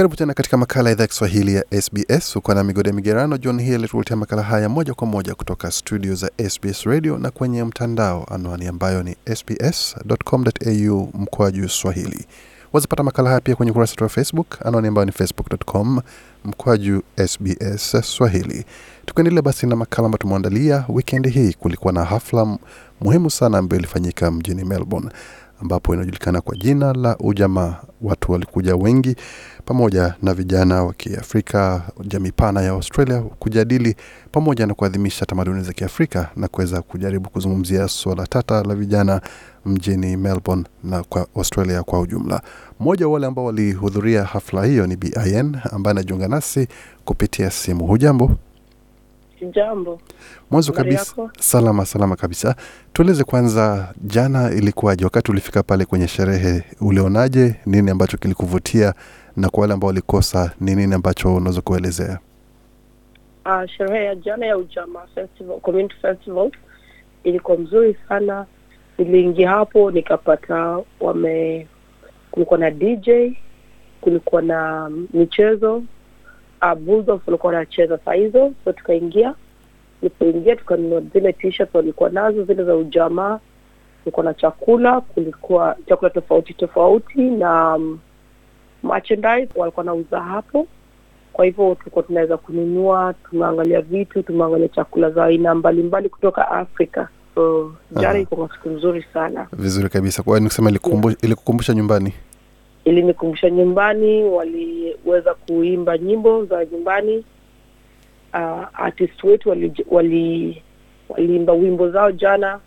Karibu tena katika makala ya idhaa ya Kiswahili ya SBS. Uko na migode migerano John hii alituletea makala haya moja kwa moja kutoka studio za SBS radio na kwenye mtandao, anwani ambayo ni sbs.com.au mkwaju swahili. Wazapata makala haya pia kwenye ukurasa wetu wa Facebook, anwani ambayo ni facebook.com mkwaju SBS Swahili. Tukiendelea basi na makala ambayo tumeandalia wikendi hii, kulikuwa na hafla muhimu sana ambayo ilifanyika mjini Melbourne ambapo inajulikana kwa jina la Ujamaa. Watu walikuja wengi pamoja na vijana wa Kiafrika, jamii pana ya Australia, kujadili pamoja na kuadhimisha tamaduni za Kiafrika na kuweza kujaribu kuzungumzia suala tata la vijana mjini Melbourne na kwa Australia kwa ujumla. Mmoja wa wale ambao walihudhuria hafla hiyo ni Bin ambaye anajiunga nasi kupitia simu. Hujambo? Sijambo. Mwanzo kabisa, salama salama kabisa. Tueleze kwanza, jana ilikuwaje? Wakati ulifika pale kwenye sherehe, ulionaje? Nini ambacho kilikuvutia, na kwa wale ambao walikosa, ni nini ambacho unaweza kuelezea? Uh, sherehe ya jana ya Ujamaa Festival, Community Festival ilikuwa mzuri sana. Niliingia hapo nikapata wame, kulikuwa na DJ, kulikuwa na michezo uh, Bulldogs walikuwa wanacheza saa hizo, so tukaingia. Tulipoingia tukanunua zile t walikuwa nazo zile za ujamaa, kulikuwa na chakula, kulikuwa chakula tofauti tofauti na um, merchandise walikuwa nauza hapo. Kwa hivyo tulikuwa tunaweza kununua, tumeangalia vitu, tumeangalia chakula za aina mbalimbali kutoka Afrika. So jana ilikuwa siku nzuri sana, vizuri kabisa. Kwa nikusema ilikukumbusha yeah. nyumbani ilinikumbusha nyumbani waliweza kuimba nyimbo za nyumbani uh, artist wetu waliimba wali, wali, wali wimbo zao jana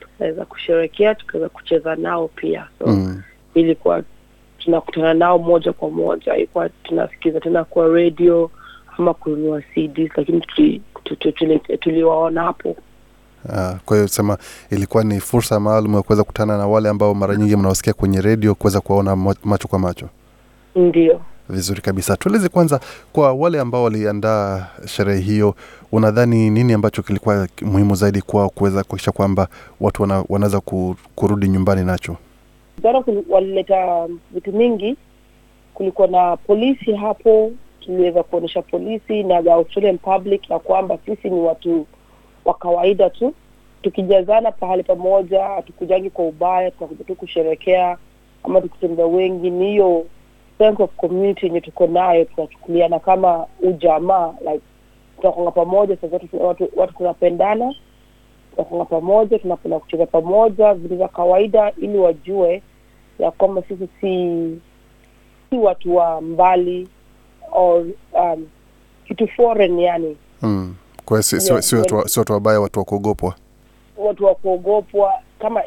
tukaweza kusherekea tukaweza kucheza nao pia so mm. ilikuwa tunakutana nao moja kwa moja ilikuwa tunasikiza tena kwa radio ama kununua cds lakini tuliwaona tuli, tuli, tuli hapo Ah, kwa hiyo sema ilikuwa ni fursa maalum ya kuweza kukutana na wale ambao mara nyingi mnawasikia kwenye redio kuweza kuwaona macho kwa macho. Ndio, vizuri kabisa. Tueleze kwanza, kwa wale ambao waliandaa sherehe hiyo, unadhani nini ambacho kilikuwa muhimu zaidi kwao kuweza kuhakikisha kwamba watu wana, wanaweza kurudi nyumbani nacho? Jana walileta vitu mingi, kulikuwa na polisi hapo, tuliweza kuonyesha polisi na the Australian public ya kwamba sisi ni watu wa kawaida tu tukijazana pahali pamoja hatukujangi kwa ubaya tunakuja tu kusherekea ama tukitembea wengi ni hiyo sense of community yenye tuko nayo tunachukuliana kama ujamaa like tunakonga pamoja sazote watu, watu tunapendana tunakonga pamoja tunapenda kucheza pamoja vitu vya kawaida ili wajue ya kwamba sisi si si watu wa mbali or um, kitu foreign yani mm kwa hiyo si, watu wabaya, watu wa kuogopwa, watu wa kuogopwa kama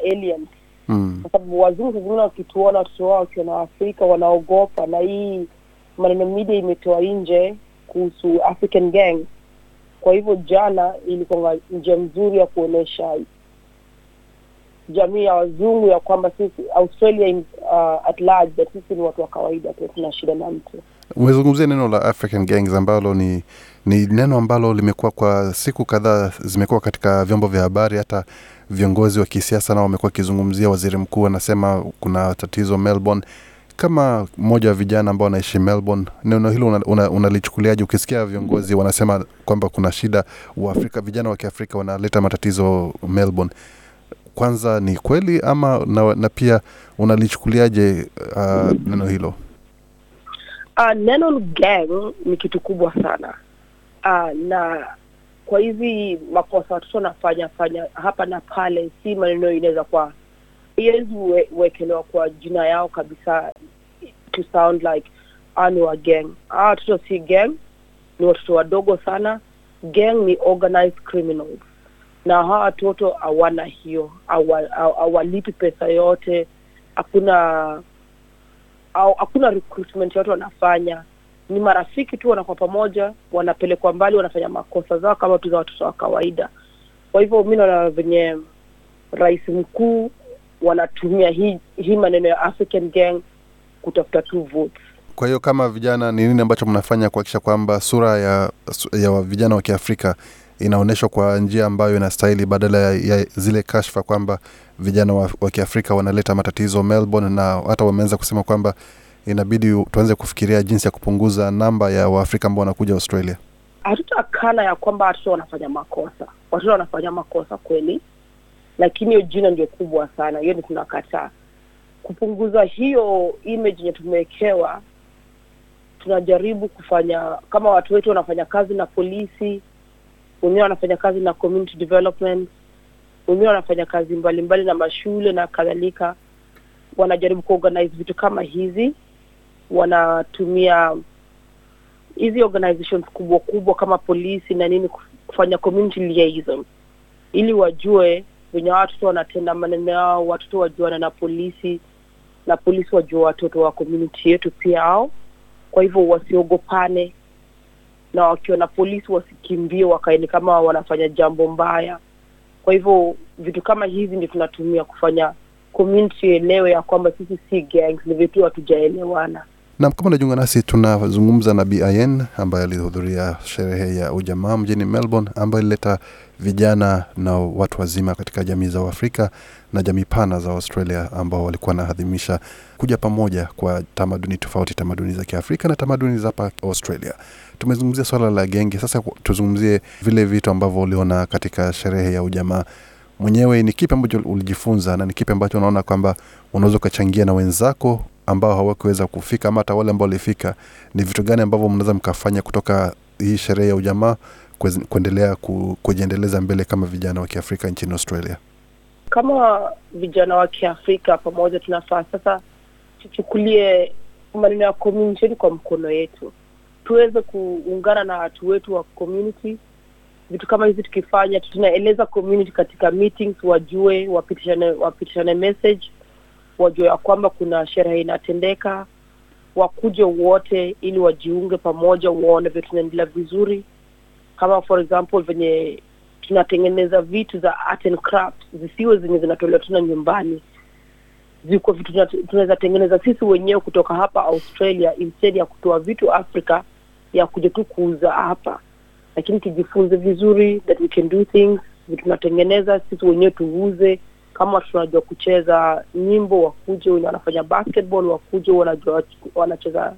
mm. Kwa sababu wazungu zingine wakituona watoto wao wakiwa na Waafrika wanaogopa, na hii maneno media imetoa nje kuhusu African gang. Kwa hivyo jana ilikuwa njia mzuri ya kuonyesha jamii ya wazungu ya kwamba sisi Australia uh, at large that sisi ni watu wa kawaida tuna shida na mtu umezungumzia neno la African gangs ambalo ni, ni neno ambalo limekuwa kwa siku kadhaa zimekuwa katika vyombo vya habari hata viongozi wa kisiasa nao wamekuwa wakizungumzia. Waziri mkuu anasema kuna tatizo Melbourne. Kama mmoja wa vijana ambao wanaishi Melbourne, neno hilo unalichukuliaje? Una, una ukisikia viongozi wanasema kwamba kuna shida, Waafrika vijana wa Kiafrika wanaleta matatizo Melbourne, kwanza ni kweli ama na, na pia unalichukuliaje uh, neno hilo? Uh, neno gang ni kitu kubwa sana uh, na kwa hizi makosa watoto wanafanya fanya hapa na pale, si maneno inaweza kwa haiwezi we, wekelewa kwa jina yao kabisa to sound like ah, ni wa gang. Ah, watoto si gang, ni watoto wadogo sana. Gang ni organized criminals, na hawa watoto hawana hiyo, hawalipi awa, awa, pesa yote, hakuna au hakuna recruitment yote wanafanya ni marafiki tu wanakuwa pamoja wanapelekwa mbali wanafanya makosa zao kama tu za watoto wa kawaida kwa hivyo mi naona venye rais mkuu wanatumia hii hi maneno ya african gang kutafuta tu votes kwa hiyo kama vijana ni nini ambacho mnafanya kuhakikisha kwamba sura ya ya vijana wa kiafrika inaonyeshwa kwa njia ambayo inastahili badala ya, ya zile kashfa kwamba vijana wa, wa Kiafrika wanaleta matatizo Melbourne, na hata wameanza kusema kwamba inabidi tuanze kufikiria jinsi ya kupunguza namba ya Waafrika ambao wanakuja Australia. Hatutakana ya kwamba watoto wanafanya makosa, watoto wanafanya makosa kweli, lakini hiyo jina ndio kubwa sana, hiyo ni tunakataa kupunguza hiyo image yenye tumewekewa tunajaribu kufanya kama watu wetu wanafanya kazi na polisi wenyewe wanafanya kazi na community development, wenyewe wanafanya kazi mbalimbali mbali na mashule na kadhalika. Wanajaribu kuorganize vitu kama hizi, wanatumia hizi organizations kubwa kubwa kama polisi na nini kufanya community liaison, ili wajue wenye watoto wanatenda maneno yao, watoto wajuana na polisi na polisi wajua watoto wa community yetu pia ao, kwa hivyo wasiogopane na wakiona polisi wasikimbie wakaeni kama wanafanya jambo mbaya. Kwa hivyo vitu kama hizi ndio tunatumia kufanya community elewe ya kwamba sisi si gangs, ni vitu hatujaelewana. Nam, kama unajiunga nasi, tunazungumza na Bin ambaye alihudhuria sherehe ya ujamaa mjini Melbourne ambayo ilileta vijana na watu wazima katika jamii za Uafrika na jamii pana za Australia ambao walikuwa wanaadhimisha kuja pamoja kwa tamaduni tofauti, tamaduni za Kiafrika na tamaduni za hapa Australia. Tumezungumzia swala la genge, sasa tuzungumzie vile vitu ambavyo uliona katika sherehe ya ujamaa mwenyewe. Ni kipi ambacho ulijifunza na ni kipi ambacho unaona kwamba unaweza ukachangia na wenzako ambao hawakuweza kufika ama hata wale ambao walifika? Ni vitu gani ambavyo mnaweza mkafanya kutoka hii sherehe ya ujamaa kuendelea kujiendeleza mbele kama vijana wa Kiafrika nchini Australia? Kama vijana wa Kiafrika pamoja, tunafaa sasa tuchukulie maneno ya community kwa mkono yetu, tuweze kuungana na watu wetu wa community. Vitu kama hivi tukifanya, tunaeleza community katika meetings, wajue, wapitishane, wapitishane message, wajue ya kwamba kuna sherehe inatendeka, wakuje wote ili wajiunge pamoja, waone vyo tunaendelea vizuri kama for example venye tunatengeneza vitu za art and craft zisiwe zenye zinatolewa tena nyumbani ziko vitu tunaweza tengeneza sisi wenyewe kutoka hapa australia instead ya kutoa vitu africa ya kuja tu kuuza hapa lakini tujifunze vizuri that we can do things vitu tunatengeneza sisi wenyewe tuuze kama tunajua kucheza nyimbo wakuje wenye wanafanya basketball wakuje wanajua wanacheza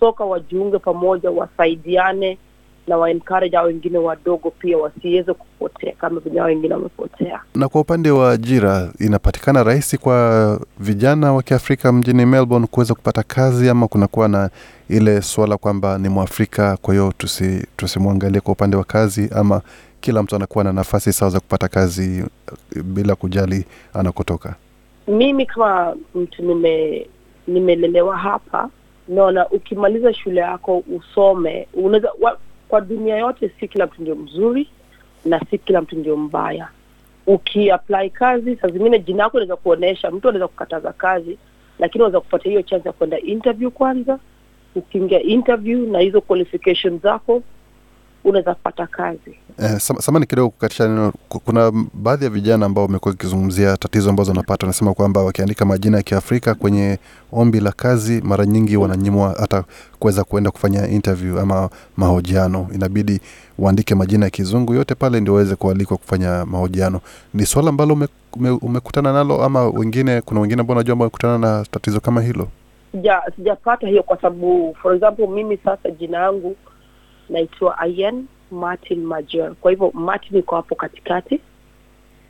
soka wajiunge pamoja wasaidiane na waencourage hao wengine wadogo pia wasiweze kupotea kama vijana wengine wamepotea. Na kwa upande wa ajira, inapatikana rahisi kwa vijana wa Kiafrika mjini Melbourne kuweza kupata kazi, ama kunakuwa na ile suala kwamba ni Mwafrika, kwa hiyo tusi, tusimwangalie kwa upande wa kazi, ama kila mtu anakuwa na nafasi sawa za kupata kazi eh, bila kujali anakotoka? Mimi kama mtu nime nimelelewa hapa, naona ukimaliza shule yako usome unaweza kwa dunia yote, si kila mtu ndio mzuri na si kila mtu ndio mbaya. Ukiapply kazi, saa zingine jina yako inaweza kuonyesha mtu anaweza kukataza kazi, lakini unaweza kupata hiyo chance ya kwenda interview kwanza. Ukiingia interview na hizo qualification zako unaweza kupata kazi. Eh, samani kidogo kukatisha neno, kuna baadhi ya vijana ambao wamekuwa wakizungumzia tatizo ambazo wanapata, wanasema kwamba wakiandika majina ya Kiafrika kwenye ombi la kazi, mara nyingi wananyimwa hata kuweza kuenda kufanya interview ama mahojiano, inabidi waandike majina ya kizungu yote pale ndio waweze kualikwa kufanya mahojiano. Ni swala ambalo ume, ume, umekutana nalo ama wengine, kuna wengine ambao najua ambao wamekutana na tatizo kama hilo? Sijapata hiyo kwa sababu, for example, mimi sasa jina yangu naitwa Ian Martin Major. Kwa hivyo Martin iko hapo katikati,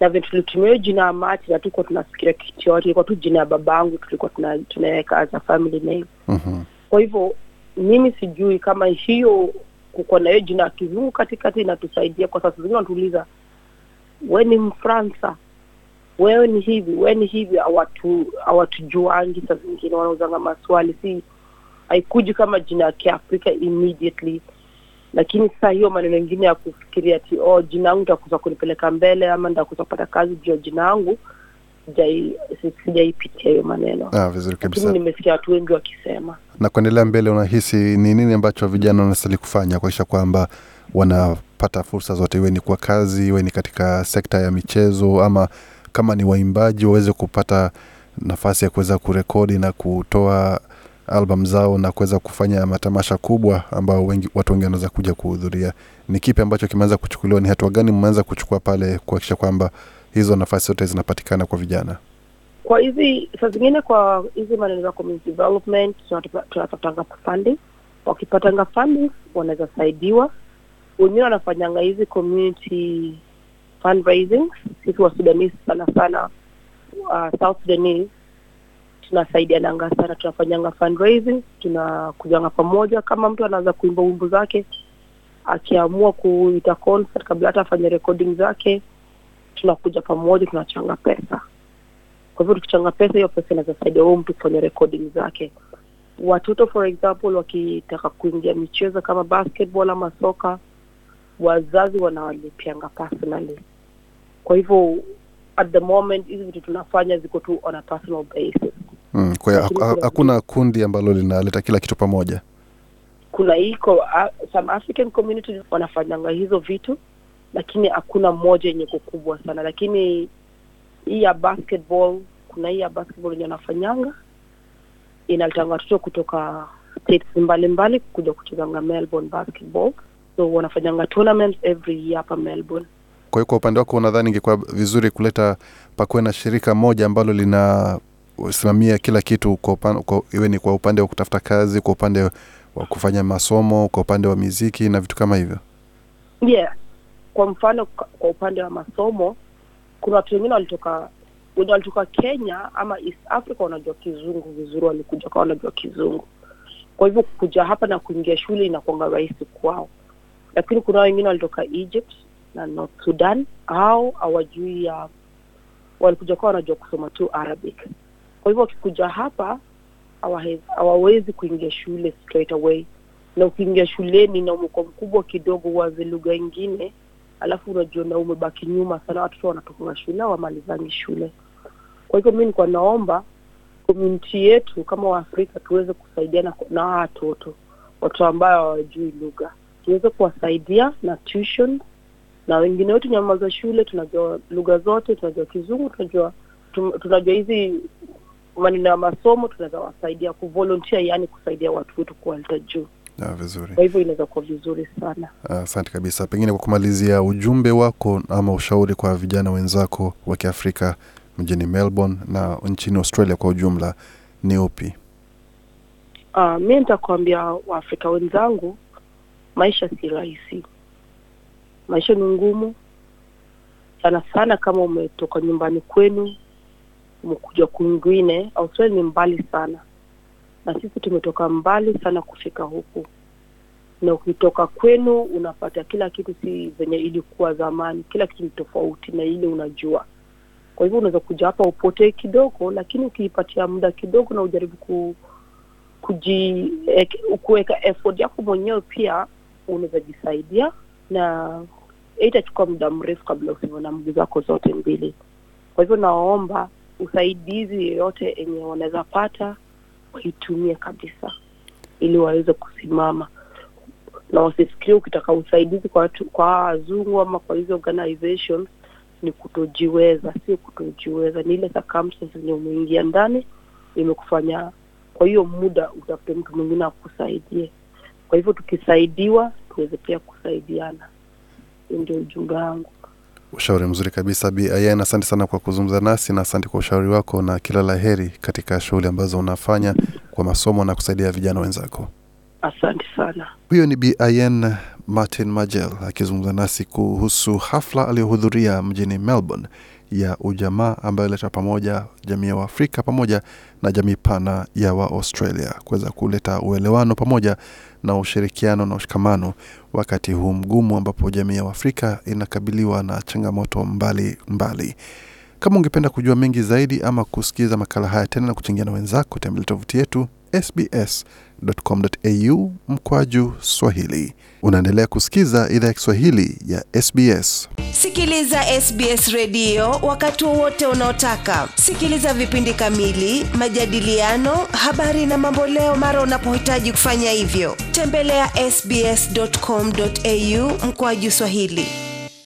na vile tulitumia jina ya Martin hatukuwa tunafikiria kitu yote, ilikuwa tu jina ya babangu tulikuwa tunaweka as a family name. Mm-hmm. Kwa hivyo mimi sijui kama hiyo kuko na hiyo jina ya kizungu katikati inatusaidia, kwa sababu zingine wanatuuliza we ni Mfransa, wewe ni hivi, wewe ni hivi, hawatu hawatujuangi. Saa zingine wanauzanga maswali, si haikuji kama jina ya Kiafrika immediately lakini sasa hiyo maneno ingine ya kufikiria ti oh, jina yangu nitakuza kunipeleka mbele ama nitakuza kupata kazi juu ya jina yangu sijaipitia hiyo maneno. Ah, vizuri kabisa. nimesikia watu wengi wakisema. Na kuendelea mbele, unahisi ni nini ambacho vijana wanastahili kufanya kuakisha kwamba wanapata fursa zote, iwe ni kwa kazi, iwe ni katika sekta ya michezo, ama kama ni waimbaji waweze kupata nafasi ya kuweza kurekodi na kutoa albam zao na kuweza kufanya matamasha kubwa ambao wengi, watu wengi wanaweza kuja kuhudhuria. Ni kipi ambacho kimeanza kuchukuliwa? Ni hatua gani mmeanza kuchukua pale kuhakikisha kwamba hizo nafasi zote zinapatikana kwa vijana? Kwa hizi saa zingine, kwa hizi maneno za community development funding. Wakipatanga funding wanaweza saidiwa, wenyewe wanafanyanga hizi community fundraising. Sisi Wasudanese sana sana, uh, South Sudanese tunasaidiananga sana, tunafanyanga fundraising, tunakujanga pamoja. Kama mtu anaweza kuimba wimbo zake akiamua kuita concert kabla hata afanye recording zake, tunakuja pamoja, tunachanga pesa. Kwa hivyo tukichanga pesa, hiyo pesa inaweza saidia huo mtu kufanya recording zake. Watoto for example wakitaka kuingia michezo kama basketball ama soka, wazazi wanawalipianga personally. Kwa hivyo at the moment hizi vitu tunafanya ziko tu on a personal basis. Mm, kwa hiyo hakuna kundi ambalo linaleta kila kitu pamoja. Kuna iko uh, some African community wanafanyanga hizo vitu, lakini hakuna moja yenye kukubwa sana, lakini hii ya basketball, kuna hii ya basketball yenye wanafanyanga inaletanga watoto kutoka states mbalimbali kuja kuchezanga Melbourne basketball, so wanafanyanga tournaments every year hapa Melbourne. Kwa hiyo kwa upande wako unadhani ingekuwa vizuri kuleta pakuwe na shirika moja ambalo lina kusimamia kila kitu kwa upande, kwa, iwe ni kwa upande wa kutafuta kazi, kwa upande wa kufanya masomo, kwa upande wa miziki na vitu kama hivyo? Yeah, kwa mfano kwa upande wa masomo kuna watu wengine walitoka wenye walitoka Kenya ama East Africa wanajua kizungu vizuri, walikuja kwa wanajua kizungu, kwa hivyo kuja hapa na kuingia shule inakuanga rahisi kwao, lakini kuna wengine walitoka Egypt na North Sudan, hao hawajui, walikuja kwa wanajua kusoma tu Arabic kwa hivyo wakikuja hapa hawawezi kuingia shule straight away, na ukiingia shuleni na umekuwa mkubwa kidogo, uwaze lugha ingine, alafu unajiona umebaki nyuma sana. Watoto wanatoka shule wamalizangi shule. Kwa hivyo mi nikuwa naomba community yetu kama Waafrika tuweze kusaidiana na watoto watoto ambayo hawajui lugha, tuweze kuwasaidia na tuition, na wengine wetu nyama za shule, tunajua lugha zote, tunajua Kizungu, tunajua tunajua hizi maneno ya masomo tunaweza wasaidia kuvolontia yaani kusaidia watu wetu kuwaleta juu. Ah, vizuri. Kwa hivyo inaweza kuwa vizuri sana. Asante ah, kabisa. Pengine kwa kumalizia, ujumbe wako ama ushauri kwa vijana wenzako wa Kiafrika mjini Melbourne na nchini Australia kwa ujumla ni upi? Ah, mi nitakuambia Waafrika wenzangu, maisha si rahisi, maisha ni ngumu sana sana, kama umetoka nyumbani kwenu umekuja kwingine. Australia ni mbali sana, na sisi tumetoka mbali sana kufika huku, na ukitoka kwenu unapata kila kitu si zenye ilikuwa zamani. Kila kitu ni tofauti na ile unajua. Kwa hivyo unaweza kuja hapa upotee kidogo, lakini ukiipatia muda kidogo na ujaribu ku kuji eh, kuweka effort yako mwenyewe, pia unaweza jisaidia na itachukua muda mrefu kabla usivyo na mguu zako zote mbili. Kwa hivyo nawaomba usaidizi yoyote yenye wanaweza pata waitumie kabisa, ili waweze kusimama na wasifikiria ukitaka usaidizi kwa watu, kwa wazungu ama kwa hizo ni kutojiweza. Sio kutojiweza, ni ile zenye umeingia ndani imekufanya. Kwa hiyo muda utafute mtu mwingine akusaidie. Kwa hivyo tukisaidiwa, tuweze pia kusaidiana. Ndio ujumbe wangu ushauri mzuri kabisa Bi asante sana kwa kuzungumza nasi na asante kwa ushauri wako, na kila la heri katika shughuli ambazo unafanya kwa masomo na kusaidia vijana wenzako. Asante sana. Huyo ni bin Martin Majel akizungumza nasi kuhusu hafla aliyohudhuria mjini Melbourne ya ujamaa ambayo ileta pamoja jamii ya Waafrika pamoja na jamii pana ya Waaustralia kuweza kuleta uelewano pamoja na ushirikiano na ushikamano wakati huu mgumu ambapo jamii ya Waafrika inakabiliwa na changamoto mbali mbali. Kama ungependa kujua mengi zaidi ama kusikiza makala haya tena na kuchingia na wenzako, tembele tovuti yetu sbs.com.au mkwaju Swahili. Unaendelea kusikiza idhaa ya Kiswahili ya SBS. Sikiliza SBS redio wakati wowote unaotaka. Sikiliza vipindi kamili, majadiliano, habari na mamboleo mara unapohitaji kufanya hivyo. Tembelea ya sbs.com.au mkwaju Swahili.